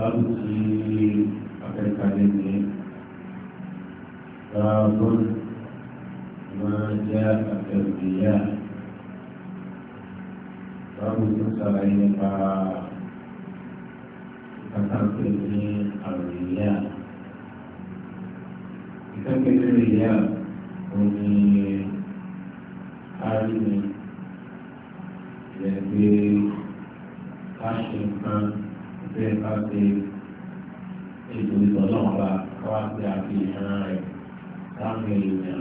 báàbù tí afẹ́ríkà lè ní báàbù máa jẹ́ àfẹ́rìyà báàbù tó sàlàyé nípa kàkàpé ní àrùyà ìkàkẹ́ lórí ìyá òní àrùyà. ká ṣe ètò ìtọ́lọ́mọba ká ṣe àfihàn rẹ̀ láwọn èèyàn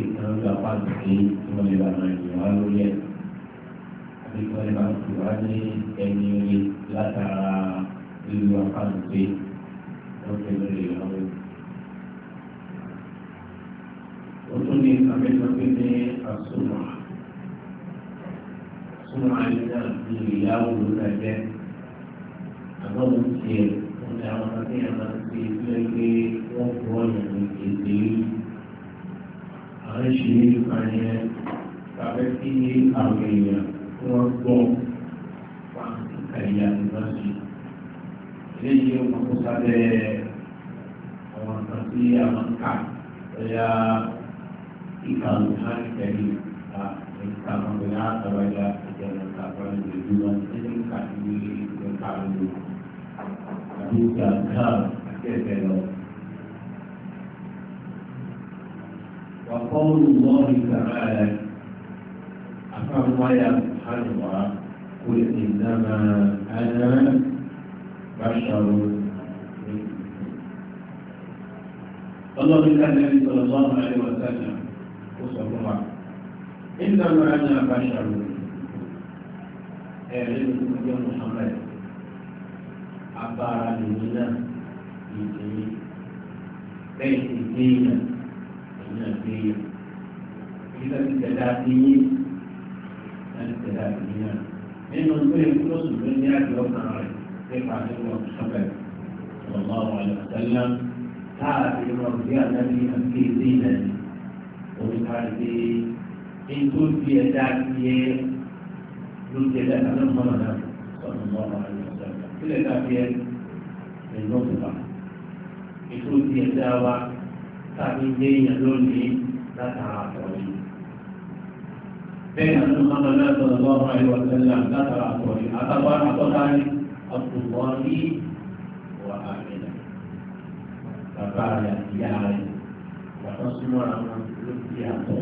ìtàn ń gbapá sí ìwọ̀n ìlànà ìwà lórí ẹ̀. Àbíkọ́ ẹ̀ máa ń fi wá ní ẹni orí látara lílo àpáǹpé lókè lórí ìyàwó. Ó tún ní abẹ́sọ̀pé ní àsùnmọ̀. Àsùnmọ̀ àyíká ní ìyàwó ló ń ṣe ọ̀dà àwọn akéèyàn máa ń ṣe ìfẹ́ pé wọ́n kọ́ ọ̀yàn ní èdè àwọn ìṣẹ̀lẹ̀ nípa yẹn tàbí kí àwọn èèyàn tí wọ́n gbọ́ wà nípa ìyá nípa ṣe. eléyìí ó máa kó sábẹ́ àwọn kan tí a máa ń kà lọ́yà ìka òkúta ìtẹ̀lé ìka àwọn ọ̀gbìn àtàwọn ìjà ìjọba ìta àpárẹ̀ ìjọba ìjọba ìjọba ìjọba ìjọba وقول الله تعالى أفهم يا سبحان قل إنما أنا بشر الله من النبي صلى الله عليه وسلم وصلى الله إنما أنا بشر أعلم يا محمد agbára lèmi náà ìdílé bẹ́ẹ̀ ti dé yẹn èmi náà dé yẹn ìdílé ti tẹ̀lé àti yín náà ti tẹ̀lé àti yín náà nínú tó yẹ kó lóṣù tó ní àjọ ọkàn rẹ̀ nípa nínú ọ̀sọ́bẹ̀ ọ̀gbọ́n àwọn àlùfáà káàdì wọn bí àdáni àti èdè yẹn oníkàdé ètò ìdí ẹ̀dá tiẹ̀ ló ti ẹ̀dá kan náà mọ́nà náà sọ̀rọ̀ mọ́nà rẹ̀. sílẹ̀ dàbí ẹ ẹ̀yọ́ ìgbà ètò ti ẹ̀dá wa tàbí dé èèyàn lónìí látara àtọ̀rí. bẹ́ẹ̀ ni àwọn ọmọ náà sọ̀rọ̀ lọ́wọ́ àìwọ̀ sẹ́lẹ̀ látara àtọ̀rí àtàwọn àtọ́tàrí àtùwọ́ ní wà á mẹ́lẹ̀. bàbá rẹ̀ ìyá rẹ̀ wàtọ́ súnmọ́ àwọn ló fi àtọ̀.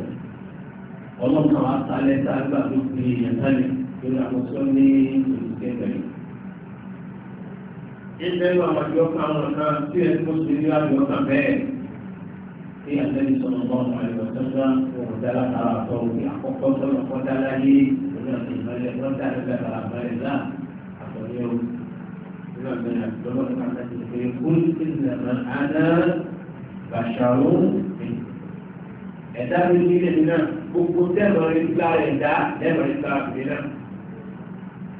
ọlọ́kàn wa sálẹ̀ ságbà èèyàn sálẹ̀ lórí àkọsọ́ ní olùkẹ́gbẹ̀rẹ̀ ìbẹ̀rù àwọn àjọkàn àwọn kan tí ẹ kó sí ní àjọkàn bẹ́ẹ̀ kí àtẹ́ni sọ̀rọ̀ bá wọn àyọ̀ sọ́jà òun dára tààrà tọ́ òun àkọ́kọ́ sọ̀rọ̀ kọ́dá láyé òun àti ìmọ̀lẹ̀ lọ́dà nígbà tààrà báyìí náà àtọ̀lẹ́ o nínú àgbẹ̀rẹ̀ àtọ́lọ́ nípa láti ṣe kún ìlànà àná bàṣàrò ẹ̀dá mi nílẹ̀ mi náà gbogbo tẹ́lọ̀ rí gbá ẹ̀dá lẹ́rọ̀ rí gbá àbúlé náà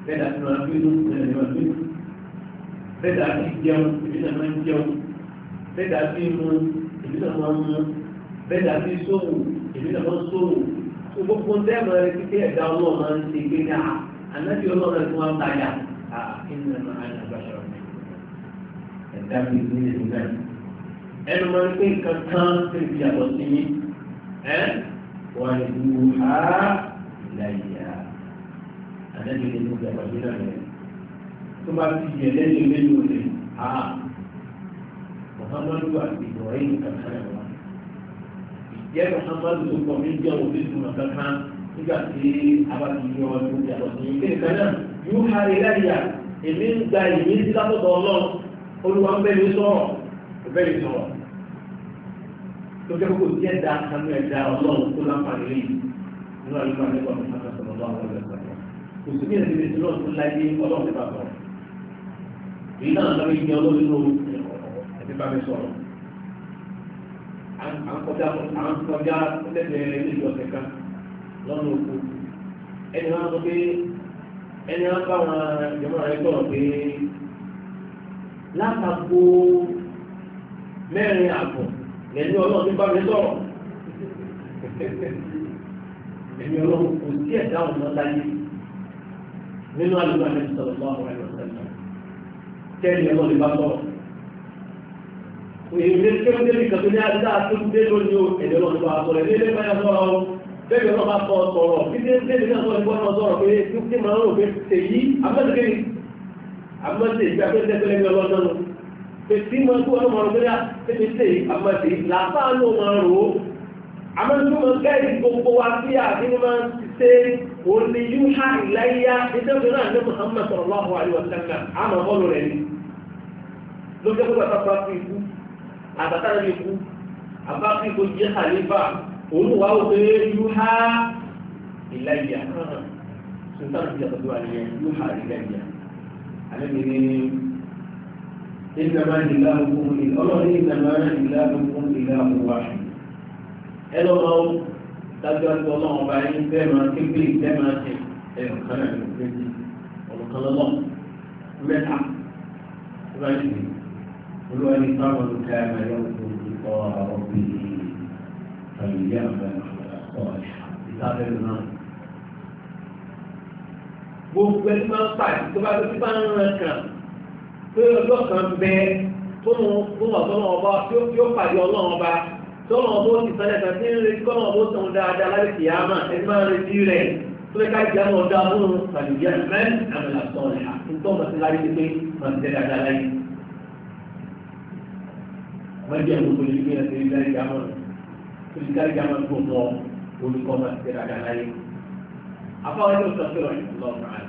bẹ́ẹ̀ bẹ́ẹ̀dà sí jẹun èmi náà máa ń jẹun bẹ́ẹ̀dà sí mu èmi náà máa ń mu bẹ́ẹ̀dà sí sóhùn èmi náà máa ń sóhùn tó gbogbo dẹ́mọ̀ rẹ títí ẹ̀dá ọlọ́run máa ń ṣe gbé ní à ah, ànábì ọlọ́run rẹ tí wọ́n tajà à inú ẹ̀ máa ń àgbàṣọ ẹ̀dá mi ní èmi náà ẹnu máa ń pè nǹkan kan tó ti yàtọ̀ sí mi ẹ́ wọ́n ìlú ha ah, ìlàyà ànábì ní ìlú tó bá ti yẹ lẹ́yìn lẹ́yìn òde àá muhammadu àti ibrahim kankan yẹn wá ìjẹ́ muhammadu tó kọ́ mi jẹ́ òde tó mọ̀ kankan nígbà tí a bá ti yọ ọdún yàtọ̀ sí ilé ìkan náà yóò ha ilé àyà èmi ń gba èmi sí lápòtọ̀ ọlọ́run olúwa ń bẹ́ẹ̀ ní sọ̀rọ̀ ń bẹ́ẹ̀ sọ̀rọ̀ tó kẹ́ kó tiẹ̀ da kanú ẹ̀ da ọlọ́run tó láǹfààní lẹ́yìn nínú àlùfáà nípa mọ̀ kò sí ní ẹ̀sìn ìṣúná tó láyé ọlọ́run nípa bọ̀ èyí náà lọ́wọ́ ìgbẹ́ olórí ló ẹ̀dí bá mi sọ̀rọ̀ à ń kọjá à ń kọjá lẹ́gbẹ̀ẹ́ ilé ìjọsìn kan lọ́nà òkú ẹni wọn sọ pé ẹni wọn bá wọn ìjọba rẹ sọ̀rọ̀ pé látàkó mẹ́rin àbọ̀ lẹ́ni ọlọ́run ní bá mi sọ̀rọ̀ ẹni ọlọ́run kò sí ẹ̀dá ọ̀nà láyé nínú àlùbọ̀ àti sọ̀rọ̀ lọ́wọ́ rẹ̀ lọ tẹ́lẹ̀ ẹ̀rọ lè bá sọ̀rọ̀ òyìnbó kéwọ́dé ní kàtó ní adá tó ń dé lónìí o ẹ̀rọ lọ́nà bá sọ̀rọ̀ ẹ̀rọ lè bá yà sọ̀rọ̀ o bẹ́ẹ̀ lọ́nà bá sọ̀rọ̀ sọ̀rọ̀ títí tẹ́lẹ̀ náà sọ̀rọ̀ ìbọn náà sọ̀rọ̀ pé tí màá rò pé tèyí amẹ́tẹ̀kẹ́ ni amẹ́tẹ̀ ìgbà pé tẹ́tẹ́lẹ́ bí ọlọ́dọ́ lọ pé tí mo kú ọlọ́mọ rẹ bẹ́ẹ̀ tẹ́tẹ́ tẹ́yí amẹ́tẹ̀ làbá ló máa rò ó gbogbo wa sí àdínní máa ti ṣe òní yúhà ìláyà nítorí náà ní Muhammad sọ̀rọ̀ àríwá sẹ́ńtà àmọ́ bọ́ọ̀lù ni ló jẹ́ pé bàbá bá fi ikú àtàtà rẹ̀ ikú àbá fi ikú jẹ́ àlébà òun wà ó pé yú há ìlàyà sultan ti yàtọ̀ tó wà nìyẹn yú há ìlàyà alẹ́ mi ní ìnàmá ìlà òkun ní ọlọ́run ìnàmá ìlà òkun ìlà òkun wà ẹ lọ́wọ́ dájú ọba yín bẹ́ẹ̀ máa képe bẹ́ẹ̀ máa tẹ̀ ẹ̀rọ kan náà ló ń gbé ọ̀rọ̀ kan lọ́wọ́ mẹ́ta tó bá olùwárí táwọn olùkọ́ ẹ̀ máa yọ kó ikọ̀ àwọn obìnrin tàbí àwọn ọ̀ṣà ìtàbẹ̀ náà. gbogbo ẹni máa ń pàdé tó bá tó ti bá ń ràn kàn pé ọjọ́ kan bẹ tó ń tó ń ọ̀tọ́ náà ọba tí ó pàdé ọlọ́run ọba tó ń ọba ó ti sọ́lẹ̀ kan tí ń retí kọ́ náà ó sọ̀rọ̀ dáadáa lábẹ́ kìí àmà ẹni máa ń retí rẹ̀ tó lè ká ìjà náà dá fún tàbí ìyá mẹ́rin àmì làtọ̀ ọ̀ṣà ń tọ́ mọ́jẹ́ gbogbo yìí fi ẹsẹ̀ ilé ìjàmọ̀ ìjìká ìjàmọ̀ tó mọ́ olùkọ́ máa ti dáadáa láyé. afáwọn ẹgbẹ́ òṣìṣẹ́ ìwà ìlú lọ́wọ́ náà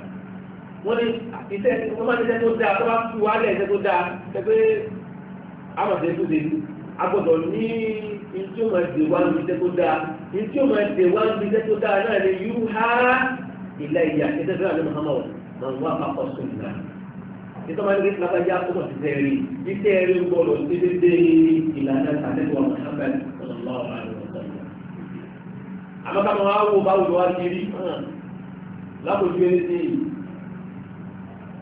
wọ́n ní iṣẹ́ wọ́n máa ń ṣiṣẹ́ tó dáa tó bá fi wálẹ̀ iṣẹ́ tó dáa pẹ̀pẹ́ amọ̀tẹ́ tó dé agbọ́dọ̀ ní ntí o máa dè wá níbi iṣẹ́ tó dáa ntí o máa dè wá iṣẹ́ tó dáa náà ni yú há ilẹ̀ ìyá iṣẹ́ tó dáa náà nítorí wọn ní kí lábàjá tó ti tẹ̀ rí iṣẹ́ rí ń bọ̀lọ̀ sí dédé ìlànà tàbíwọ̀ Muhammad sallallahu alaihi wa sallam. àmọ́ ká máa wò báwo ló wá ti rí lápòjú ẹni sí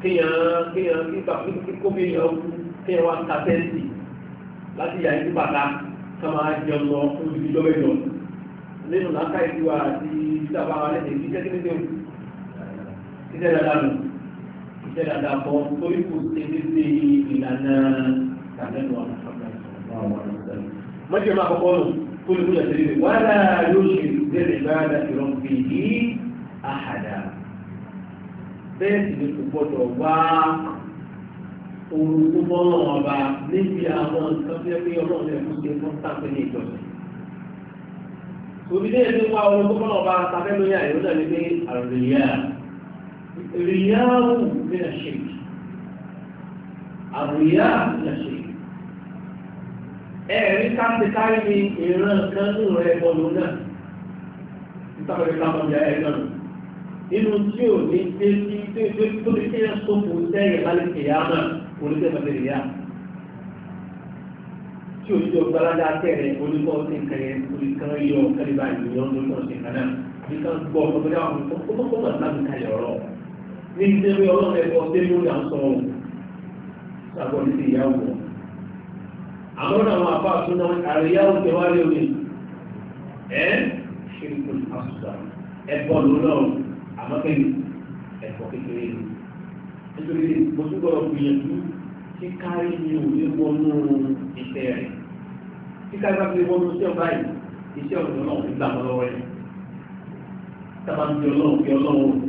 kéèyàn kéèyàn kíkà kíkó bí èèyàn kú kéèyàn wá ta tẹ́ǹtì láti yà ní bàtà ká máa jẹun lọ fún ibi lọ́wọ́jọ nínú làákàyè tiwa àti ìdábàá lẹ́sẹ̀ ìdíjẹ́ kí ní ṣe dáadáa bọ́ torí kò ṣe dédé ìlànà tàbẹ́nu àwọn mọ́jọ́ máa kọ́kọ́ nù kó lè múlẹ̀ tẹ́lẹ̀ wà láà yóò ṣe ìdẹ́rẹ̀ ìbáradà ìrọ̀ fìdí àhàdà bẹ́ẹ̀ sì ni kò gbọ́dọ̀ wá ohun tó mọ́ràn ọba níbi àwọn nǹkan tó yẹ pé ọlọ́run lè fún ṣe fún sáfẹ́ ní ìjọsìn òbí lè ní wá ohun tó mọ́ràn ọba sáfẹ́ lóyè àìrọ́dà ní pé àròyìn yára الرياء من الشرك الرياء من الشرك ẹ̀rí káàkiri ní ìran kan ní rẹ̀ bọ́lú náà nítorí káàkiri ẹ̀rí náà nínú tí ò ní dé sí tó ní kí ẹ sọ́kù tẹ́rẹ̀ lálẹ́ kìyà náà oníkẹ́bẹ̀rẹ̀ ìyá tí o ti ọgbà ládà tẹ̀lé oníkọ́ ti ń kẹ̀yẹ oníkan yọ kẹ́lẹ́bà ìlú yọ̀ ọ́n lórí ọ̀sẹ̀ kan náà oníkan gbọ́ ọ̀gbọ́n náà kó tó kó tó náà ń kalẹ̀ ọ̀rọ̀. ní ìdẹ́wé ọlọ́lẹ́kọ́ délé ó dà ń ìyàwó wọn àwọn àwọn àríyáwó ẹ ṣe kò ẹ̀kọ́ kékeré ni nítorí mo tún gbọ́dọ̀ gbìyànjú kí kárí ni ò ní wọnú rẹ̀ kí kárí bá fi wọnú iṣẹ́ iṣẹ́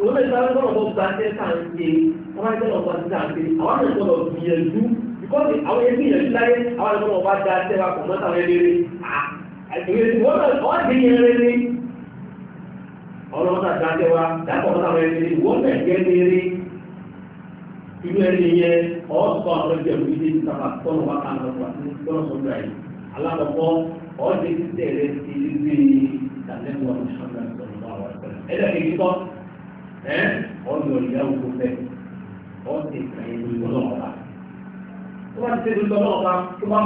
òun lè sáré lọ́wọ́ tó gba tẹ́ ká ń ṣe wọ́n máa ń tẹ́lọ̀ wọ́n ti dà ṣe àwọn àmì ìgbọ́dọ̀ gbìyànjú bíkọ́sì àwọn ẹbí ìyànjú láyé àwọn àmì ìgbọ́dọ̀ wá da tẹ́ wa kò mọ́ sáré lére àìsèwéjì wọ́n náà wọ́n ti yẹn lére ọlọ́wọ́n náà da tẹ́ wa dákọ̀ mọ́ sáré lére wọ́n náà jẹ́ lére inú ẹni yẹn ọ̀ọ́sọ̀ àwọn ẹgbẹ́ òbí ti sábà tọ́nù wá kàn lọ́wọ́ àti tọ́nù sọ ẹ ọ̀nà ìyá oko fẹ́ ọ̀sẹ̀ ìkàyẹ̀ lórí ọlọ́ọ̀ba tó bá ti ṣe lórí ọlọ́ọ̀ba tó bá ń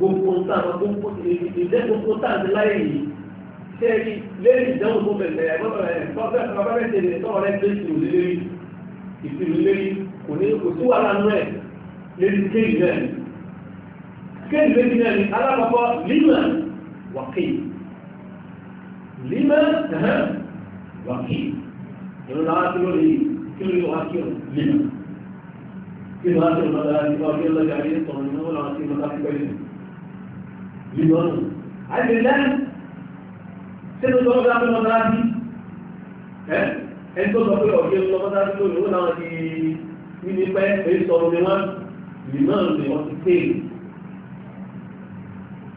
gbogbo gbogbo gbogbo ti ìdánwò tó bẹ̀rẹ̀ rẹ̀ kò rẹ̀ كيف بناني على رفاء لما وقيل لما تهم وقيل يقول كل يؤكد لما كيف هذا المدارك وفي الله جعلين طمانين ولا عاتل مدارك بينهم لما عبد الله سنة دولة عبد المدارك أنت تقول أوكي الله مدارك تقول هو نعطي من يبقى يصور لما لما لما تقول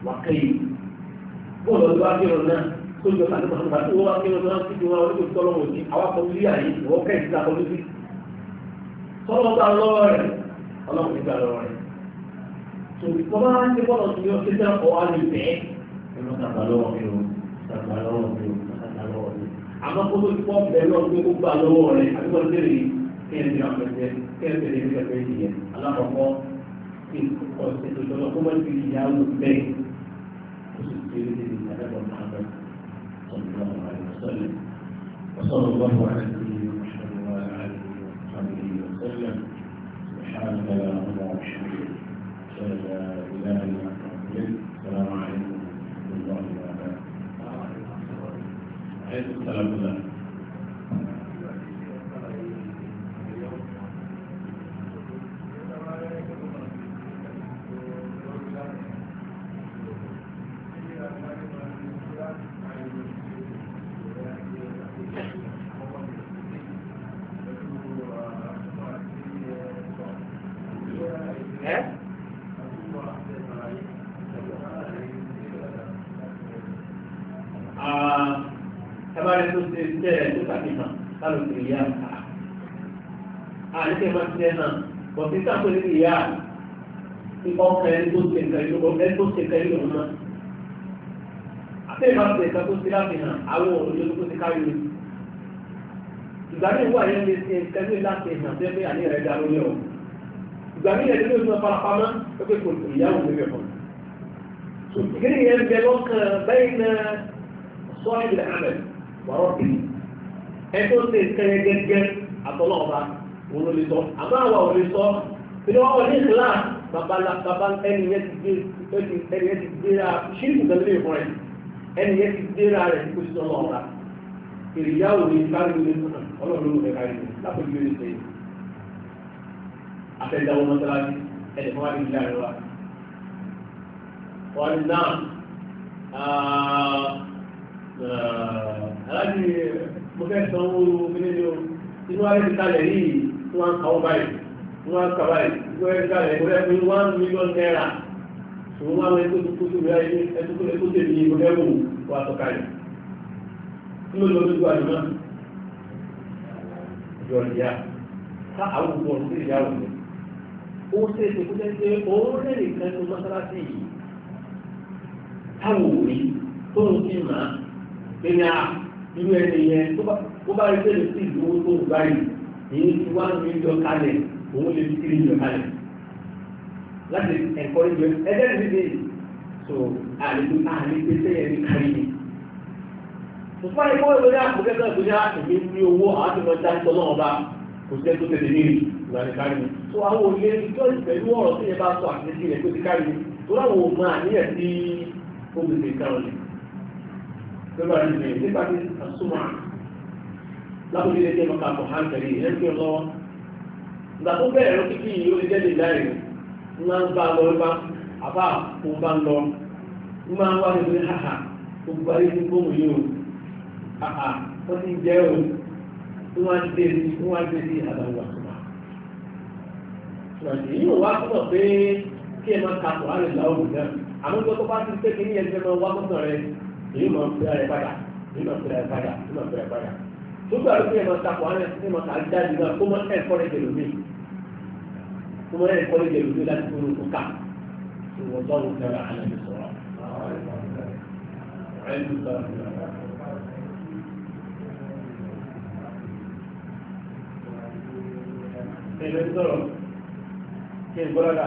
wàkẹ́yì bọ́ọ̀lù ọdún akérò náà tó jọ kàdé pàtó pàtó akérò náà ti di wọn orí tó tọ́lọ́ wọn àwọn akọ̀wé àyè ìwọ́ kẹ́yì ti àkọ́lé sí tọ́lọ́ gba lọ́wọ́ rẹ̀ ọlọ́run ti lọ́wọ́ rẹ̀ tó ìfọ́nbá ti bọ́ọ̀lù ti yọ síta ọ̀ á lè bẹ́ẹ̀ ẹ̀rọ tàgbà lọ́wọ́ mi o lọ́wọ́ mi o lọ́wọ́ mi àmọ́ kó tó ti pọ́ bẹ́ẹ̀ lọ́wọ́ سيدنا محمد صلى الله عليه وسلم وصلى الله على نبينا محمد وعلى آله وصحبه وسلم سبحانك لا حول ولا قوة إلا بالله السلام عليكم ورحمة الله وبركاته. السلام ورحمة tẹ̀ máa ti ẹ̀ náà bọ̀dé sáfẹ́ ní ìyá ọkọ̀ ẹni tó ṣe nǹkan ìlú ọ̀rẹ́ tó ṣe nǹkan ìlú ọ̀nà. àtẹ̀yìn máa ṣe nǹkan tó ṣe láti hàn àwọn òòlù tó ti kárí mi. ìgbà ní ìwà yẹn lè ṣe nǹkan ní láti hàn tẹ́ pé àní rẹ̀ dá lórí ọ̀. ìgbà ní ìyẹn ló ń sọ farapamọ́ pé kò tó ìyáwó mi rẹ̀ kàn. ìgbìrì yẹn bẹ òun lè sọ àmọ́ àwa ò lè sọ pé wọ́n wọ́n ní ìlà babala baba ẹni yẹn ti gbé ẹni yẹn ti gbéra ṣírí kùtà lórí ìfọ̀n rẹ̀ ẹni yẹn ti gbéra rẹ̀ kó sí ọlọ́ ọ̀la èrìyá ò ní kárí ní ọlọ́run ló ń bẹ̀ kárí ní lápẹ̀lú yóò ní sẹ́yìn afẹ́dáwọ́ mọ́sálásí ẹni fún wa ní ìlà rẹ̀ wa wọ́n ní náà aláàbí mo fẹ́ sanwó-owó mi nínú inú ayé ti kalẹ̀ yìí wọ́n ń kàwọ́ báyìí wọ́n ń kà báyìí wọ́n ń kà báyìí wọ́n ń wọ́n mílíọ̀n náírà ṣùgbọ́n wọ́n ń tó kó tóbi ayé ẹtúkú ẹtú tèmi ìbò lẹ́wọ̀ wà tọ́ka yìí kí ló lọ sí ìgbà yìí náà yọ ìyá ká àwọn òkú ọ̀rọ̀ sí ìyá òkú ó ṣe é ṣe kó jẹ́ pé òun rẹ̀ nìkan ní mọ́sálásí tó ń fi èyí tí wá ní ìjọ kalẹ̀ òun lè fi kiri ìjọ kalẹ̀ láti ẹ̀kọ́ ìjọ ẹgbẹ́ ní bíbí so àlejò àlejò pèsè yẹn ní kárí ni. òfò àyíkọ́ ìwé ní àpò kẹ́kẹ́ tó ní àtúnbí ní owó àti ọmọ ìjà ìtọ́ náà kò sí ẹtọ́ tẹ̀lé nírì ìgbà ní kárí ni. so àwọn òye ìjọ ìpẹ̀lú ọ̀rọ̀ tí yẹn bá sọ àtúnṣe rẹ̀ pé ti kárí ni tó láwọn ò máa lábúlé lè jẹ́ mọ́ta kọ̀ hàn tẹ̀lé ẹ̀ ń pè lọ́wọ́. ìgbà tó bẹ̀rẹ̀ ló kíkí yìí ó lè jẹ́ lè láì ńlá ń bá lọ bá àbá òun bá ń lọ ń máa ń wá ní pé haha gbogbo ayé ní gbóhùn yìí o haha wọ́n ti ń jẹ́ o ń wá ń dé sí ń wá ń dé sí àdáwò àtúmọ̀. ìrọ̀lẹ́ yìí ò wá túbọ̀ pé kí ẹ máa ka kọ̀ á lè láwọ̀ òun náà àmọ́ ìgbà tó bá ti pé kí ní ẹgbẹ́ máa wá mọ́tò rẹ èyí máa ń pè é padà èyí máa ń pè é padà èyí máa ń pè é padà tó gbà ló fi ẹ̀mọ̀ takọ̀ àwọn ẹ̀sìn ẹ̀mọ̀ tàbí dájú náà kó mọ ẹ̀kọ́lẹ́jẹ̀ lómi kó mọ ẹ̀kọ́lẹ́jẹ̀ lómi láti fún un ká ìwọ̀n tó ń tẹ̀ra àlẹ́ sọ̀rọ̀ ẹ̀rẹ́ sọ̀rọ̀ kí n gbọ́dọ̀ dà.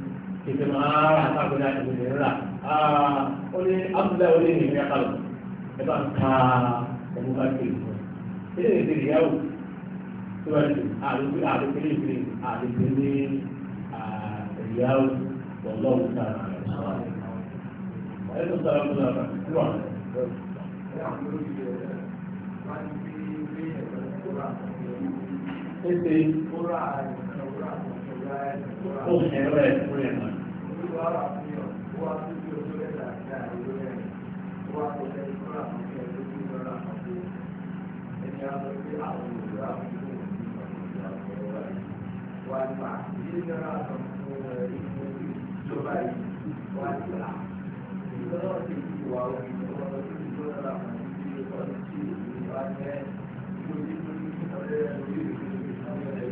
ìfẹ́ máa rà sáàgbéná ìwé rà ah, ó ní abúlé olè ní ìrìn àkàlọ̀ ẹ bá ń ka ẹ̀mú bá kiri fún ẹ ilé ìdílé ìyàwó tó wà ní àdókè àdókè ní ìdílé àdókè ní ìyàwó lọ́wọ́ sára ẹ tó sára fún ọ̀rọ̀ fún ọ̀rọ̀. Ese ó Thank you.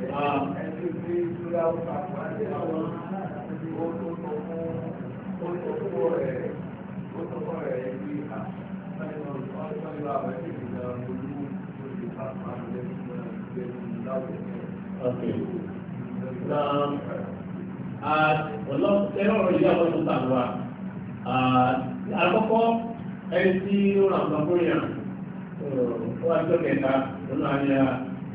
Okay. Now, ọlọ́pẹ̀rọ ìyàwó tó tàbí uh, àkọ́kọ́ ẹni tí ó ràn lọ́gbọ́n yàn uh, ó wá tó kẹta lọ́nà àyà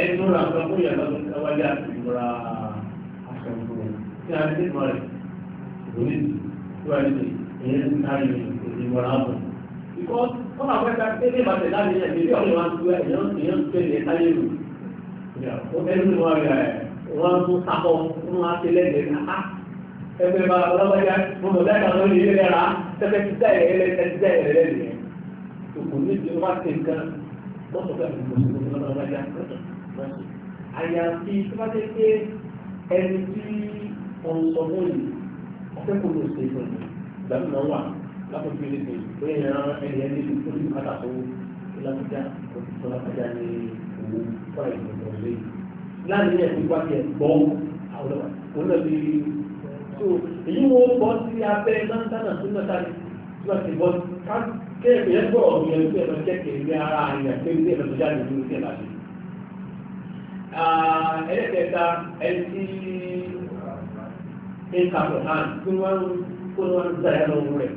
ẹni tó ra nǹkan fún ìyàtọ̀ tó ká wáyé àti ìrora aṣọ ìfowó tí a ti mọ rẹ̀ lórí tó wà níbi ìyẹn ti kárí ìrora ààbò. ìkọ́ wọ́n máa fẹ́ ká tẹ́lẹ̀ máa tẹ̀lé láti ẹ̀mí bí ọ̀rẹ́ wọn ti wá ìyẹn ti yẹn ti tẹ̀lé káyé lò. ẹnu ni wọ́n rẹ̀ wọ́n tún sakọ fún wa ti lẹ́gbẹ̀ẹ́ náà. ẹgbẹ́ bá ọlọ́wọ́dá mo mọ̀ láì kàn lórí ilé rẹ̀ rà tẹ́tẹ́ ti dá ìrẹ̀lẹ̀ tẹ́tẹ́ ti dá ìrẹ̀lẹ̀ wọ́n sọ pé àti mùsùlùmí lọ́dọ̀ ọ̀dájà lọ́sùn. àyàfi tó bá dé pé ẹni tí wọ́n sọ fún yìí ọ̀fẹ́ kò lóò ṣe fún mi ìgbàlú náà wà lápòjú ilé ṣe pé ẹ̀yàn ẹni ẹni tó tó ní so èyí wo bọ́ sí abẹ́ náà dáná tó náà tá ṣé èèyàn gbọ́ ọ̀rọ̀ yẹn tí ẹ̀rọ jẹ́kẹ̀ ní ara rẹ̀ pé ní ẹ̀rọ tó jáde ní ìṣẹ́ láti. ẹlẹ́kẹta ẹtí ẹ̀ka kọ̀hán tí wọ́n kó wọn dá ẹ lọ́wọ́ rẹ̀.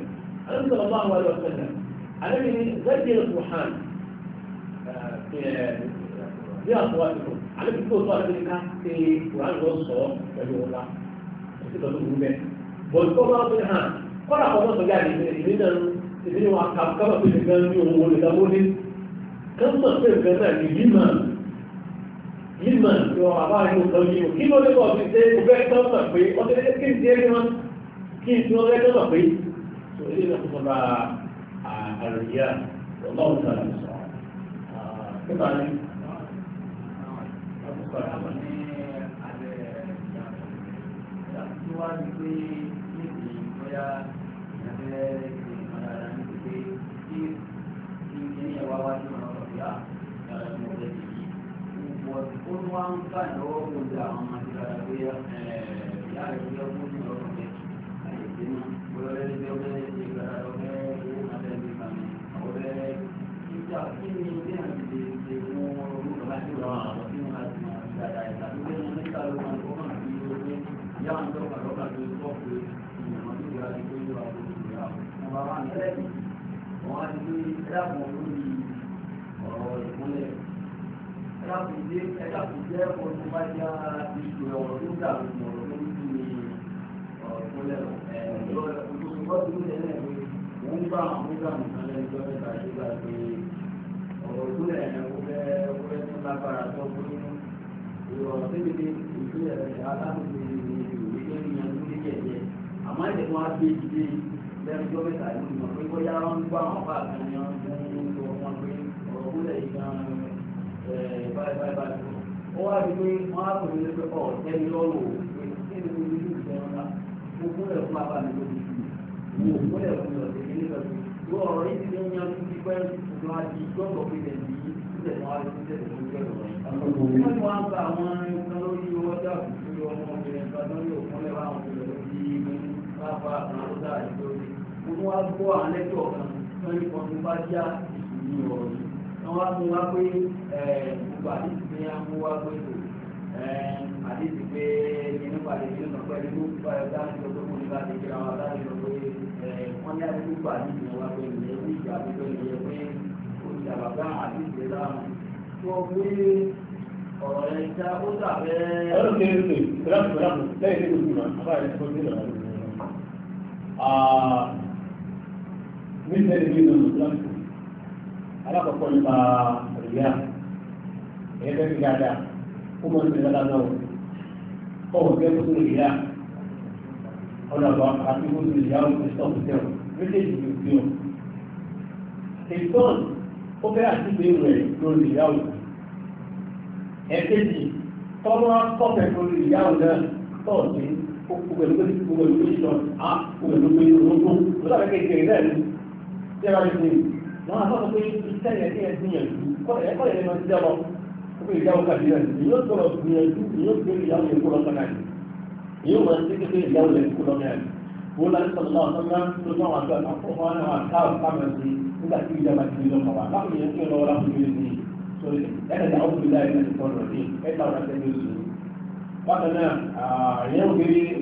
alẹ́ sọ̀rọ̀ bá wọn lọ sẹ́lẹ̀ alẹ́ mi lẹ́dí ẹ̀rọ kọ̀hán bí àpò àtìkù alẹ́ mi kó alẹ́ mi ká ṣe kùrán lọ sọ pẹ̀lú ọ̀la ìdí ni wọn kàkàbà tó lè gan ní òun olùdámó ní kẹ́sọ̀ tó lè gan ní yíma yíma tí wọn bàbá yóò sọ yìí o kí ló lè bọ̀ sí ṣe kò fẹ́ pé ní. Wọ́n á tí ìkíní ẹ̀wá wá sí ọ̀rọ̀ ọ̀yá yàrá tí mo fẹ́ ti yí. ó ní wá ń gbà lọ́wọ́ mo lè àwọn ọmọ ti dára pé ìyá rẹ̀ ti yọkún ní ọ̀rọ̀ rẹ̀ àyè sí náà. mo lọ lẹ́ni bí ọbẹ̀ ti gbàdá lọ́fẹ́ owó máa fẹ́ mi kàmi. àwọn ọbẹ̀ ìjà kí ni bí àwọn ti ṣe mú orúkọ láti rọ àwọn ọ̀rọ̀ tí mo máa ti máa gbàdá ìtàkùn pé mo ní ká ló máa kọ́ máa fi ó pé ìyá àwọn tó kà lọ́ wọ́n á ti ní ẹ̀dàpọ̀ lórí ọ̀rọ̀ ìpínlẹ̀ ẹ̀dàpọ̀ jẹ́ ẹ̀dàpọ̀ jẹ́ ọ̀rọ̀ tó bá já ìṣù ọ̀rọ̀ tó dà lórí ọ̀rọ̀ tó ń bí ọ̀rọ̀ ìpínlẹ̀ ọ̀rọ̀ ìpínlẹ̀ tó ń tẹ̀lé pé wọ́n gbà wọ́n gbà nìkan lẹ́nu tó fẹ́ bá ṣe gbà pé ọ̀rọ̀ ìpínlẹ̀ ẹ̀ ó fẹ́ ó fẹ́ tó lágbára tó fún ìrọ̀rọ̀ tó lè dé ìpínlẹ̀ aláàbò ìwé tó ń yan lórí kẹ̀kẹ́ àmọ́ ẹ̀dẹ̀ wọn á gbé lẹ́nu tó bẹ̀ta ìlú ìmọ̀ pé bóyá wọ́n gbọ́ àwọn báàgì ni wọ́n ń lọ wọn pé ọ̀rọ̀ kúlẹ̀ yìí kan báyìí báyìí báyìí ó wá di pé wọ́n á pè mí pé ọ̀ tẹ́mi lọ́rùn pé kí ni mo ní ìlú ìjẹun náà mo kúnlẹ̀ fún bàbá mi lóbi mo kúnlẹ̀ fún ọ̀sẹ̀ mi nípa pé ọ̀rọ̀ yìí ti ní yan títí pẹ́ ìṣùgbọ́n àti ìjọ́bọ̀ òun wá gbọ́ àlẹ́jọ́ kan wọ́n ní ọdún bá já ìṣòro ọ̀rọ̀ yìí wọ́n wá mú wá pé gbogbo àdéhùn ní a mú wá pé kò àdéhùn pé nínú pàdé nínú pàpẹ́ ní gbogbo pàdé dáhùn tó tó kún nípa àdéhùn àwọn adáhùn lọ pé wọ́n ní àdéhùn pàdé ìṣòro wá pé ìlẹ̀ ó ìjà àdéhùn ìyẹn pé olùdàgbàgbà àdéhùn ìlẹ̀ tó pé ọ̀rọ̀ yẹn já ó dàbẹ́. ọ̀rọ̀ kéré lè pẹ̀lú àpò lẹ́yìn ní gbogbo àbáyé tó ní ìlànà ah, nílẹ̀ ìlú ìlú ìlú alákọ̀ọ́kọ́ nípa ìyá ẹ̀yẹ́ fẹ́ fi dáadáa ó mọ̀ nípa ìdáadáa náà kọ́wọ́ fẹ́ kó sórí ìyá ọ̀nà àbọ̀ àti kó sórí ìyá ó ti sọ̀tún tẹ̀ méjèèjì ti fi hàn. ṣètọ́n ó fẹ́ àti ìwé rẹ̀ lórí ìyá ò ẹ̀ẹ́dẹ́jì tọ́lọ́ kọ́fẹ́ lórí ìyá ò náà tọ́ọ̀sì ó kú pẹ̀lú pé ó kú pẹ̀lú pé ó ṣọ 第二个是，然后他们这些这些这些事情，快点快点弄掉咯。比如讲我隔壁，你都做了，你都你都不会有人雇到他来。因为我这个是有人雇到他来，不然的话，这边就像我说，他不发的话，他他没事，应该直接把钱弄过来，那边钱都拿不回来的。所以，现在就我回来，就是考虑的，现在我这边就是，反正啊，因为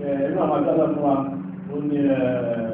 呃，任何这个什么，我呢。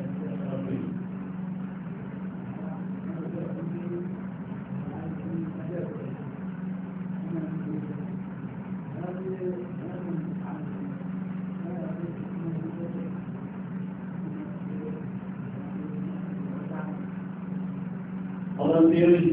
Mary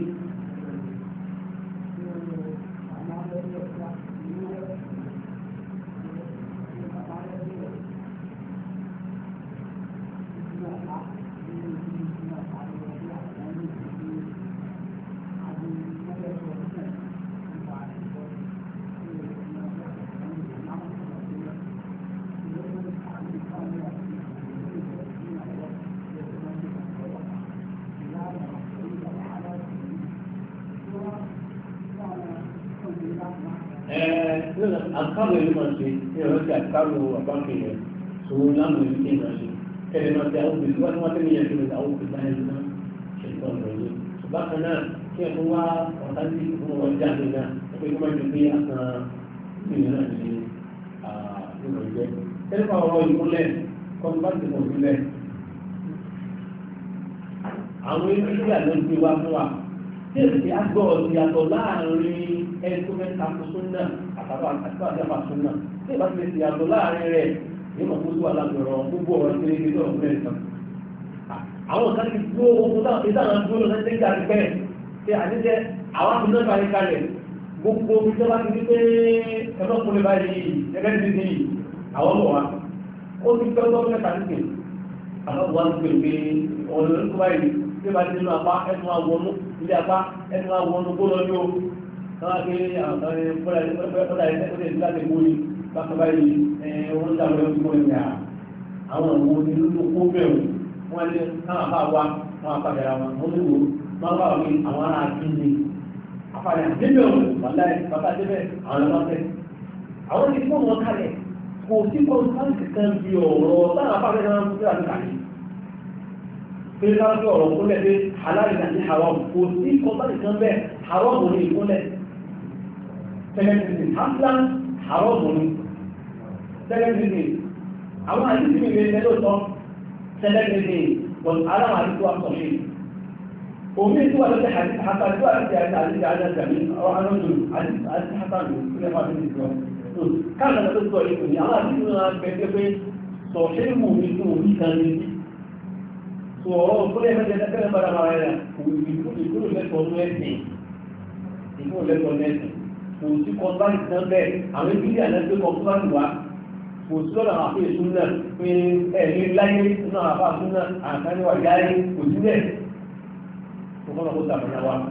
náà àkàrò yìí máa ṣe ní ọ̀rọ̀ ti àkàrò àbáǹkì yẹn tó láàmú yìí kí n máa ṣe kẹ́lẹ́ máa ṣe àwọn òbí wá ní wọ́n tẹ́lẹ̀ yẹn kí n máa ṣe àwọn òbí báyìí náà ṣe tọ́ ọ̀rọ̀ yìí bákan náà kí ẹ̀ tó wá ọ̀tá sí fún ọjà mi náà pé kí wọ́n ti gbé àkàn ìyẹn náà ní ìrọ̀ ilé ìgbà ló ń gbé wá fún wa tí èsì agbọ́ ọ̀sìn láàrin ẹni tó fẹ́ náà àtàwọn àtàwọn àtún náà tí ìbá ti ṣe àtọ̀ láàrin rẹ̀ nínú kó tó alágbèrò gbogbo ọ̀rọ̀ tí ó lọ fún ẹ̀sán. àwọn kan ti dúró ohun táwọn ti dáhùn dúró lọ́sẹ̀ tí ń ga pẹ́ ṣe àdíjẹ́ àwọn àti náà parí kalẹ̀ gbogbo omi tó bá ti di pé ẹgbẹ́ kúnlẹ̀ báyìí ẹgbẹ́ ti di àwọn ọmọ wa ó ti pẹ́ ọgbọ́n mẹ́ta ti sìn àwọn ọmọ wa ti pè pé ọ̀nà káwá pé àwọn bọ́lá ilé ó lè láti mú ni bákan báyìí wọ́n dà wọ́n fún ẹ̀yà àwọn ọmọ ní lójú kó bẹ̀rù wọ́n lé káwọn afá wa wọn apàdé ara wọn wọ́n lè wò máa wà wí àwọn ará àbíyè apàdé àbíyè ọ̀hún bàtà bàtà débẹ̀ àwọn ọmọ tẹ àwọn ti fún wọn kalẹ̀ kò sí kó sáǹkì kan bí ọ̀rọ̀ táwọn afáfẹ́ náà ń fún àti pé káwọn bí ọ̀rọ̀ kúnlẹ̀ pé aláìsàn ní àwọn kò sí kó sáǹkì kan bẹ́ẹ̀ àwọn kò ní ìkúnlẹ̀ tẹ́lẹ̀tìrì hamla àrọ́bù ni tẹ́lẹ̀tìrì àwọn àdìsí mi lè lọ́tọ́ tẹ́lẹ̀tìrì wọn aláwọ̀ àdìsí wa sọ yìí omi tí wọ́n lọ́tẹ́ àdìsí hasan tí wọ́n lọ́tẹ́ àdìsí àdìsí àmì ọ̀rọ̀ àdìsí àdìsí hasan ló ń lẹ́fà sí ìjọ káàkiri àti sọ yìí ni àwọn àdìsí wọn bẹ̀ẹ́ pé sọ ṣé mú mi fún omi kan ní sọ ọ̀rọ̀ fúnlẹ̀ mẹ́tẹ̀ẹ́tẹ́ fẹ́rẹ̀ bára bára rẹ̀ ìkúrò lẹ́tọ̀ọ́ lẹ́sìn ìkúrò lẹ́tọ̀ọ́ lẹ́sìn kò sí kọ́ńtàkì tán bẹ́ẹ̀ àwọn ìbílẹ̀ àná pé kọ́ńtàkì wá kò sí lọ́dọ̀ àwọn àfihàn ìṣúná náà pé ẹ̀mí láyé nínú àwọn àfihàn ìṣúná àtàníwá ìyáyé kò sí bẹ́ẹ̀ kò kọ́ lọ́kọ́ tàbí náà wá. àwọn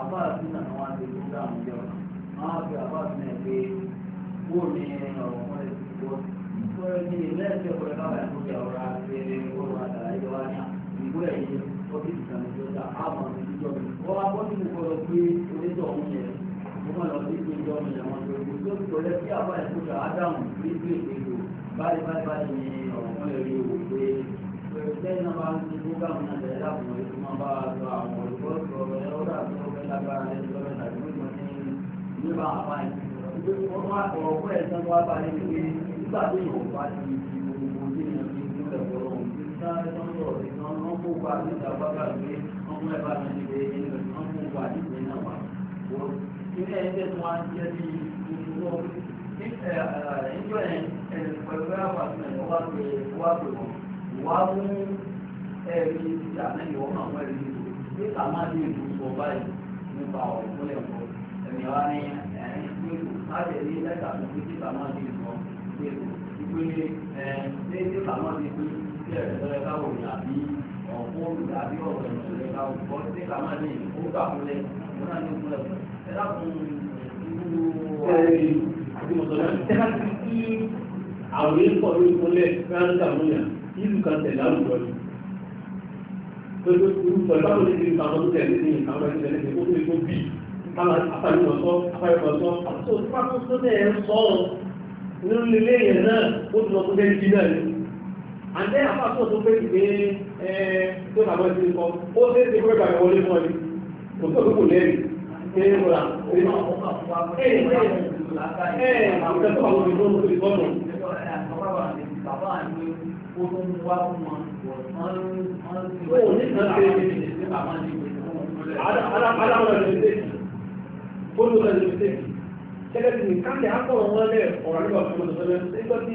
àbá àfihàn àwọn àti ìṣúná àwọn ìjọba àwọn àfi àbá àfihàn pé wọ́n ní ọ̀rọ̀ wọn lè fi bọ́ fún ẹni lẹ́ẹ̀kẹ́ ọ̀rẹ́ káwọn ẹ̀kọ́ wọ́n máa bọ́ nínú ìgbọ̀rọ̀ pé onídọ̀ ọ̀hún yẹn wọ́n máa lọ sí ìpín ìjọ ọ̀hún yẹn wọ́n tó ti kọ̀lẹ́ sí àbá ìkóṣà ádámù ní ìpín ìpínlò báyìí báyìí báyìí ni ọ̀hún lè owó pé lẹ́yìn náà máa ń ti búgàmù náà lẹ́yìn láàbùn ètò máa bá a lọ àwọn olùkọ́ sọ̀rọ̀ ẹ̀ ọ́dà tó fẹ́ lágbára lẹ́yìn lọ́dọ̀ tàbí mímọ́ ní nípa àpáyé wọ́n máa kọ̀ ẹ̀ wọ́n kó pa àdìsí àbábà gbé wọ́n mú ẹ̀bá mi níbi ẹni rẹ̀ wọ́n kó pa àdìsí náà wà. ilé ẹgbẹ́ tí wọ́n á jẹ́ bí ìṣòro níjọ́ yẹn ẹ̀rẹ̀ pẹ̀lú àwọn àti ẹ̀rọ wá pé wá pé wọ́n wá mú ẹ̀rí ìjà náà ìwọ́n máa wọ́n ẹ̀rí ìlú bí sàmá lè lù sọ báyìí nípa ọ̀rọ̀ tó lẹ̀ wọ́n ẹ̀mí wa ní ẹ̀rín ìpínlẹ̀ láti ẹ̀rí lẹ́tà tó fi sí sàmá lè lọ ìpínlẹ̀ ìpínlẹ̀ ẹ̀ẹ́dẹ́gbẹ̀ta ọ̀gbọ́n àbí ọ̀rọ̀ ìṣẹ̀lẹ̀ ká ọ̀gbọ́ ṣé ká máa ní ìlú gbà wọn náà ní ìpínlẹ̀ ẹ dákun ìlú àti mọ̀tọ́lá tẹ́lá ti kí àwọn yẹn ní ìpínlẹ̀ fẹ́ràn kàmúyà ìlú kan tẹ̀lé àwùjọ ni pẹ̀lú pẹ̀lú àwọn oníṣẹ́ ìlú kan tẹ̀lé ní àwọn ẹgbẹ́ tẹ̀lé ó tẹ̀lé and then àpá tó tó pé ìgbé tó bàbá ìgbé kọ ó ṣe é ṣe pé bàbá wọlé fún ọdí kò tó tó kò lẹ́rìí ṣe é múra ṣe é ṣe é àwùjọ tó àwọn òṣèlú tó ti gbọ́nà. Ó ní kan ṣe aláwọ̀ ẹ̀rọ ìṣèkì, fóònù ẹ̀rọ ìṣèkì, ṣẹlẹ̀ ti nìkan lè á sọ̀rọ̀ wọn lẹ̀ ọ̀rọ̀ nígbà tó lọ sọ́lẹ̀ nígbà tí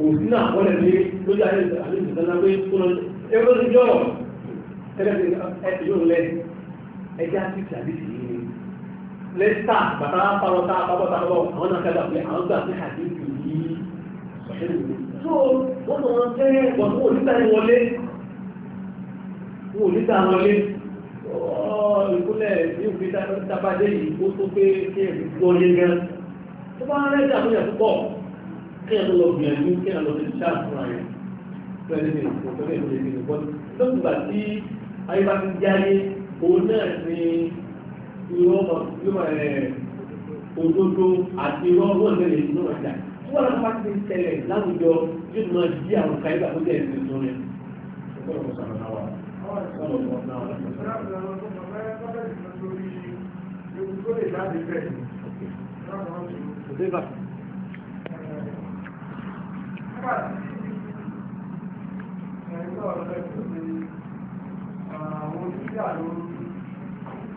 kò sí náà wọ́n lè ní lójú ayé àlejòsánná pé kó lọ ẹgbẹ́ tó jọ ẹgbẹ́ yóò lẹ ẹjẹ́ àti àdìsí yìí lẹ́tà bàtà pàrọ̀tà pàbọ̀tà pàbọ̀ àwọn náà kájà pé àwọn gbà sí àdìsí yìí so wọ́n mọ̀ wọn jẹ́ wọ́n mú òníta wọlé mú òníta wọlé ìkúnlẹ̀ ní òfin tábàdé yìí ó tó pé kí ẹ̀rí gbọ́ yẹn gan tó bá rẹ́jà fún yàtúbọ̀ kéèyàn lọ gbìyànjú kéèyàn lọ sí ṣáàfùrà rẹ̀ pẹ̀lú ní ìfọ̀tọ́ ní ìlú ìlú bọ́ọ̀lù lọ́gbà tí ayé bá ti jáyé òun náà ni òdodo àti irọ́ wọ́n lè lè nínú ọjà tí wọ́n lọ́pàá ti ń tẹ̀lẹ̀ láwùjọ yóò máa di àwọn káyébà tó jẹ́ ẹ̀sìn tó rẹ̀. Thank you. Àwọn oníṣẹ́ àlórí